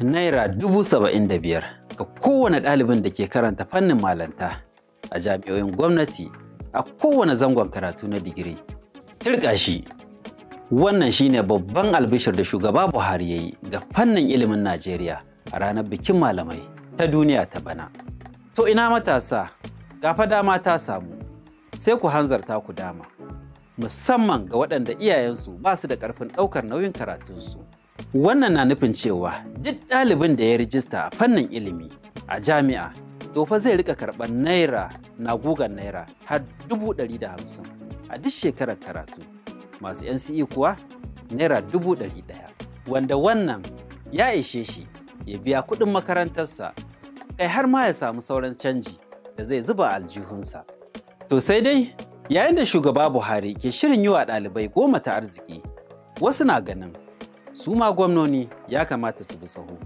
Naira dubu saba'in da biyar ga kowane ɗalibin da ke karanta fannin malanta a jami'o'in gwamnati a kowane zangon karatu na digiri. Tirka shi wannan shine babban albishir da shugaba Buhari ya yi ga fannin ilimin Najeriya a ranar bikin malamai ta duniya ta bana. To ina matasa, gafa dama ta samu, sai ku hanzarta ku dama, musamman ga waɗanda iyayensu ba su da ƙarfin ɗaukar nauyin karatunsu. Wannan na nufin cewa duk ɗalibin da ya rijista a fannin ilimi a jami'a to zai rika karɓar naira na gugan naira har dubu ɗari da hamsin a duk shekarar karatu masu NCE kuwa naira dubu ɗari ɗaya wanda wannan ya ishe shi ya biya kuɗin makarantarsa kai har ma ya samu sauran canji da zai zuba aljihunsa. To sai dai yayin da shugaba Buhari ke shirin yi wa ɗalibai goma ta arziki wasu na ganin su ma gwamnoni ya kamata su bi tsaho,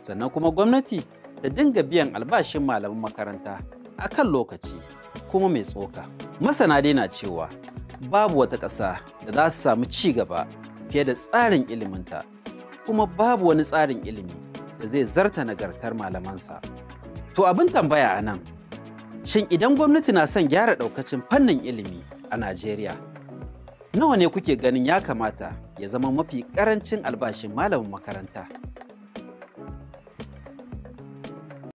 sannan kuma gwamnati ta dinga biyan albashin malaman makaranta a kan lokaci kuma mai tsoka masana dai na cewa babu wata ƙasa da za su samu ci gaba fiye da tsarin iliminta kuma babu wani tsarin ilimi da zai zarta nagartar malamansa to abin tambaya a nan shin idan gwamnati na son gyara ɗaukacin fannin ilimi a najeriya nawa ne kuke ganin ya kamata ya zama mafi ƙarancin albashin malamin makaranta